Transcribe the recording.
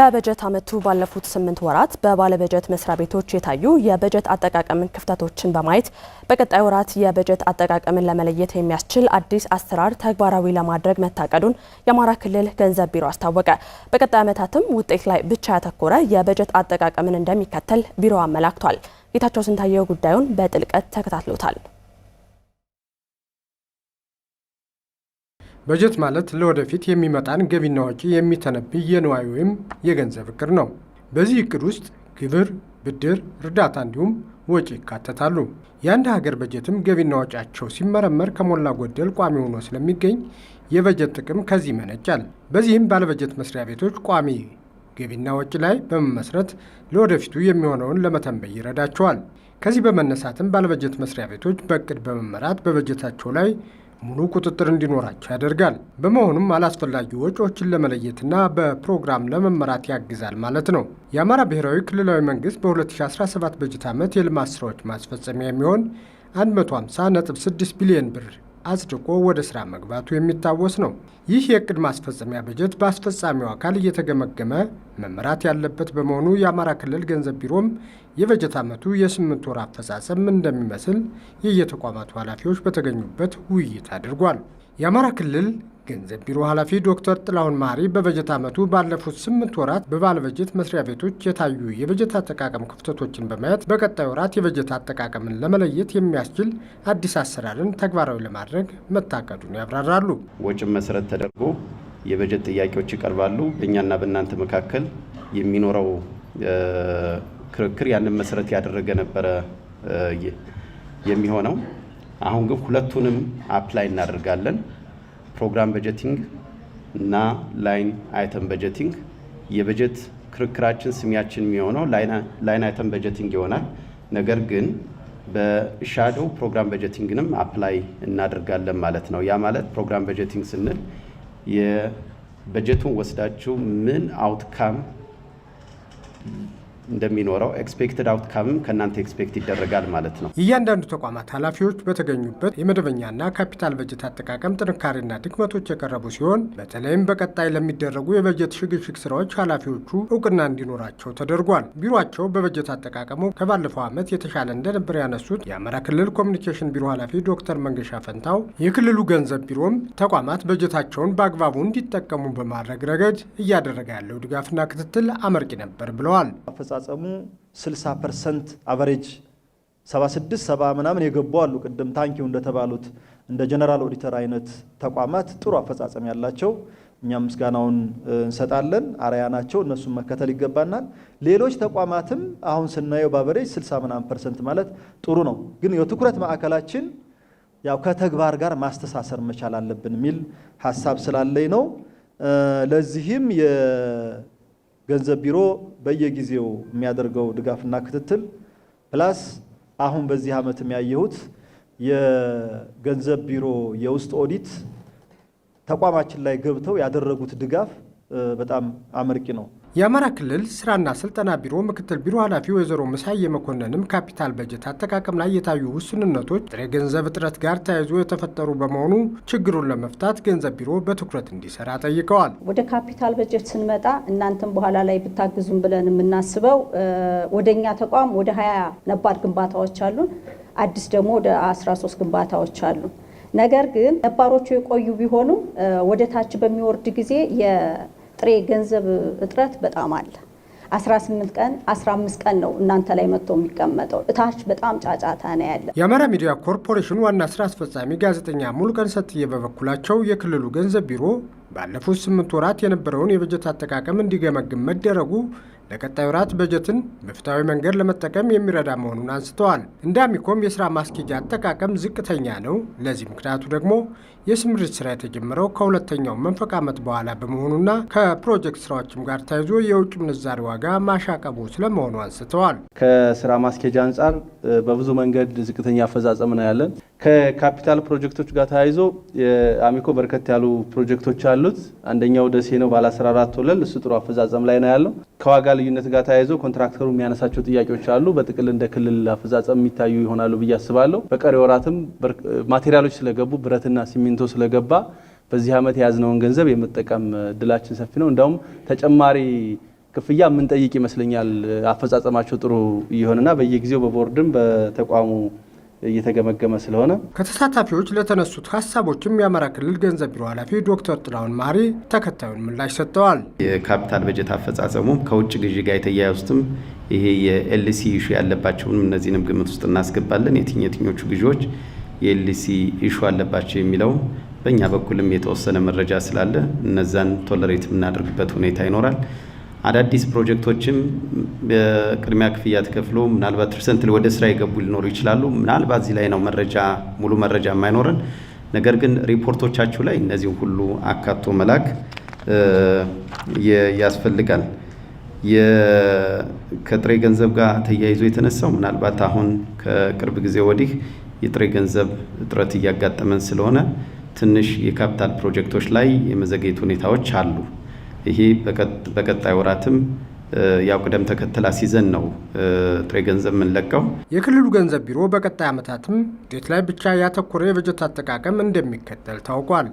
በበጀት ዓመቱ ባለፉት ስምንት ወራት በባለበጀት መስሪያ ቤቶች የታዩ የበጀት አጠቃቀም ክፍተቶችን በማየት በቀጣይ ወራት የበጀት አጠቃቀምን ለመለየት የሚያስችል አዲስ አሰራር ተግባራዊ ለማድረግ መታቀዱን የአማራ ክልል ገንዘብ ቢሮ አስታወቀ። በቀጣይ ዓመታትም ውጤት ላይ ብቻ ያተኮረ የበጀት አጠቃቀምን እንደሚከተል ቢሮ አመላክቷል። ጌታቸው ስንታየው ጉዳዩን በጥልቀት ተከታትሎታል። በጀት ማለት ለወደፊት የሚመጣን ገቢና ወጪ የሚተነብይ የንዋይ ወይም የገንዘብ እቅድ ነው። በዚህ እቅድ ውስጥ ግብር፣ ብድር፣ እርዳታ እንዲሁም ወጪ ይካተታሉ። የአንድ ሀገር በጀትም ገቢና ወጪያቸው ሲመረመር ከሞላ ጎደል ቋሚ ሆኖ ስለሚገኝ የበጀት ጥቅም ከዚህ ይመነጫል። በዚህም ባለበጀት መስሪያ ቤቶች ቋሚ ገቢና ወጪ ላይ በመመስረት ለወደፊቱ የሚሆነውን ለመተንበይ ይረዳቸዋል። ከዚህ በመነሳትም ባለበጀት መስሪያ ቤቶች በእቅድ በመመራት በበጀታቸው ላይ ሙሉ ቁጥጥር እንዲኖራቸው ያደርጋል። በመሆኑም አላስፈላጊ ወጪዎችን ለመለየትና በፕሮግራም ለመመራት ያግዛል ማለት ነው። የአማራ ብሔራዊ ክልላዊ መንግስት በ2017 በጀት ዓመት የልማት ስራዎች ማስፈጸሚያ የሚሆን 150.6 ቢሊዮን ብር አጽድቆ ወደ ስራ መግባቱ የሚታወስ ነው። ይህ የእቅድ ማስፈጸሚያ በጀት በአስፈጻሚው አካል እየተገመገመ መመራት ያለበት በመሆኑ የአማራ ክልል ገንዘብ ቢሮም የበጀት ዓመቱ የስምንት ወር አፈጻጸም እንደሚመስል የየተቋማቱ ኃላፊዎች በተገኙበት ውይይት አድርጓል። የአማራ ክልል ገንዘብ ቢሮ ኃላፊ ዶክተር ጥላሁን ማሪ በበጀት ዓመቱ ባለፉት ስምንት ወራት በባለበጀት መስሪያ ቤቶች የታዩ የበጀት አጠቃቀም ክፍተቶችን በማየት በቀጣይ ወራት የበጀት አጠቃቀምን ለመለየት የሚያስችል አዲስ አሰራርን ተግባራዊ ለማድረግ መታቀዱን ያብራራሉ። ወጭም መሰረት ተደርጎ የበጀት ጥያቄዎች ይቀርባሉ። በእኛና በእናንተ መካከል የሚኖረው ክርክር ያንን መሰረት ያደረገ ነበረ የሚሆነው። አሁን ግን ሁለቱንም አፕላይ እናደርጋለን። ፕሮግራም በጀቲንግ እና ላይን አይተም በጀቲንግ የበጀት ክርክራችን ስሚያችን የሚሆነው ላይን አይተም በጀቲንግ ይሆናል። ነገር ግን በሻዶው ፕሮግራም በጀቲንግንም አፕላይ እናደርጋለን ማለት ነው። ያ ማለት ፕሮግራም በጀቲንግ ስንል የበጀቱን ወስዳችሁ ምን አውትካም እንደሚኖረው ኤክስፔክትድ አውትካምም ከእናንተ ኤክስፔክት ይደረጋል ማለት ነው። እያንዳንዱ ተቋማት ኃላፊዎች በተገኙበት የመደበኛና ካፒታል በጀት አጠቃቀም ጥንካሬና ድክመቶች የቀረቡ ሲሆን በተለይም በቀጣይ ለሚደረጉ የበጀት ሽግሽግ ስራዎች ኃላፊዎቹ እውቅና እንዲኖራቸው ተደርጓል። ቢሮቸው በበጀት አጠቃቀሙ ከባለፈው ዓመት የተሻለ እንደነበር ያነሱት የአማራ ክልል ኮሚኒኬሽን ቢሮ ኃላፊ ዶክተር መንገሻ ፈንታው የክልሉ ገንዘብ ቢሮም ተቋማት በጀታቸውን በአግባቡ እንዲጠቀሙ በማድረግ ረገድ እያደረገ ያለው ድጋፍና ክትትል አመርቂ ነበር ብለዋል። አፈጻጸሙ 60 ፐርሰንት አቨሬጅ 76 70 ምናምን የገቡ አሉ። ቅድም ታንኪው እንደተባሉት እንደ ጀነራል ኦዲተር አይነት ተቋማት ጥሩ አፈጻጸም ያላቸው እኛም ምስጋናውን እንሰጣለን። አርያ ናቸው፣ እነሱን መከተል ይገባናል። ሌሎች ተቋማትም አሁን ስናየው በአቨሬጅ 60 ምናምን ፐርሰንት ማለት ጥሩ ነው። ግን የትኩረት ማዕከላችን ያው ከተግባር ጋር ማስተሳሰር መቻል አለብን የሚል ሀሳብ ስላለኝ ነው ለዚህም ገንዘብ ቢሮ በየጊዜው የሚያደርገው ድጋፍና ክትትል ፕላስ አሁን በዚህ ዓመት የሚያየሁት የገንዘብ ቢሮ የውስጥ ኦዲት ተቋማችን ላይ ገብተው ያደረጉት ድጋፍ በጣም አመርቂ ነው። የአማራ ክልል ስራና ስልጠና ቢሮ ምክትል ቢሮ ኃላፊ ወይዘሮ መሳይ የመኮንንም ካፒታል በጀት አጠቃቀም ላይ የታዩ ውስንነቶች ጥሬ ገንዘብ እጥረት ጋር ተያይዞ የተፈጠሩ በመሆኑ ችግሩን ለመፍታት ገንዘብ ቢሮ በትኩረት እንዲሰራ ጠይቀዋል። ወደ ካፒታል በጀት ስንመጣ እናንተም በኋላ ላይ ብታግዙም ብለን የምናስበው ወደ እኛ ተቋም ወደ ሀያ ነባር ግንባታዎች አሉ። አዲስ ደግሞ ወደ አስራ ግንባታዎች አሉ። ነገር ግን ነባሮቹ የቆዩ ቢሆኑም ወደ ታች በሚወርድ ጊዜ ጥሬ ገንዘብ እጥረት በጣም አለ። 18 ቀን 15 ቀን ነው እናንተ ላይ መጥቶ የሚቀመጠው። እታች በጣም ጫጫታ ነው ያለ። የአማራ ሚዲያ ኮርፖሬሽን ዋና ስራ አስፈጻሚ ጋዜጠኛ ሙሉቀን ሰትዬ በበኩላቸው የክልሉ ገንዘብ ቢሮ ባለፉት ስምንት ወራት የነበረውን የበጀት አጠቃቀም እንዲገመግም መደረጉ ለቀጣዩ ወራት በጀትን በፍትሐዊ መንገድ ለመጠቀም የሚረዳ መሆኑን አንስተዋል። እንደ አሚኮም የስራ ማስኬጃ አጠቃቀም ዝቅተኛ ነው። ለዚህ ምክንያቱ ደግሞ የስምሪት ስራ የተጀመረው ከሁለተኛው መንፈቅ ዓመት በኋላ በመሆኑና ከፕሮጀክት ስራዎችም ጋር ተያይዞ የውጭ ምንዛሪ ዋጋ ማሻቀቡ ስለመሆኑ አንስተዋል። ከስራ ማስኬጃ አንጻር በብዙ መንገድ ዝቅተኛ አፈጻጸም ነው ያለን። ከካፒታል ፕሮጀክቶች ጋር ተያይዞ አሚኮ በርከት ያሉ ፕሮጀክቶች አሉት። አንደኛው ደሴ ነው፣ ባለ 14 ወለል እሱ ጥሩ አፈጻጸም ላይ ነው ያለው። ከዋጋ ልዩነት ጋር ተያይዞ ኮንትራክተሩ የሚያነሳቸው ጥያቄዎች አሉ። በጥቅል እንደ ክልል አፈጻጸም የሚታዩ ይሆናሉ ብዬ አስባለሁ። በቀሪ ወራትም ማቴሪያሎች ስለገቡ ብረትና ሲሚንቶ ስለገባ በዚህ ዓመት የያዝነውን ገንዘብ የመጠቀም እድላችን ሰፊ ነው። እንዲያውም ተጨማሪ ክፍያ ምንጠይቅ ይመስለኛል። አፈጻጸማቸው ጥሩ እየሆነና በየጊዜው በቦርድም በተቋሙ እየተገመገመ ስለሆነ ከተሳታፊዎች ለተነሱት ሀሳቦችም የአማራ ክልል ገንዘብ ቢሮ ኃላፊ ዶክተር ጥላሁን ማሪ ተከታዩን ምላሽ ሰጥተዋል። የካፒታል በጀት አፈጻጸሙ ከውጭ ግዢ ጋር የተያያዙትም ይሄ የኤልሲ ኢሹ ያለባቸውንም እነዚህንም ግምት ውስጥ እናስገባለን። የትኝ የትኞቹ ግዢዎች የኤልሲ ኢሹ አለባቸው የሚለው በእኛ በኩልም የተወሰነ መረጃ ስላለ እነዛን ቶለሬት የምናደርግበት ሁኔታ ይኖራል። አዳዲስ ፕሮጀክቶችም በቅድሚያ ክፍያ ተከፍሎ ምናልባት ፐርሰንት ወደ ስራ የገቡ ሊኖሩ ይችላሉ። ምናልባት እዚህ ላይ ነው መረጃ ሙሉ መረጃ የማይኖረን። ነገር ግን ሪፖርቶቻችሁ ላይ እነዚህ ሁሉ አካቶ መላክ ያስፈልጋል። ከጥሬ ገንዘብ ጋር ተያይዞ የተነሳው ምናልባት አሁን ከቅርብ ጊዜ ወዲህ የጥሬ ገንዘብ እጥረት እያጋጠመን ስለሆነ ትንሽ የካፒታል ፕሮጀክቶች ላይ የመዘግየት ሁኔታዎች አሉ። ይሄ በቀጣይ ወራትም ያው ቅደም ተከተል አስይዘን ነው ጥሬ ገንዘብ የምንለቀው። የክልሉ ገንዘብ ቢሮ በቀጣይ ዓመታትም ውጤት ላይ ብቻ ያተኮረ የበጀት አጠቃቀም እንደሚከተል ታውቋል።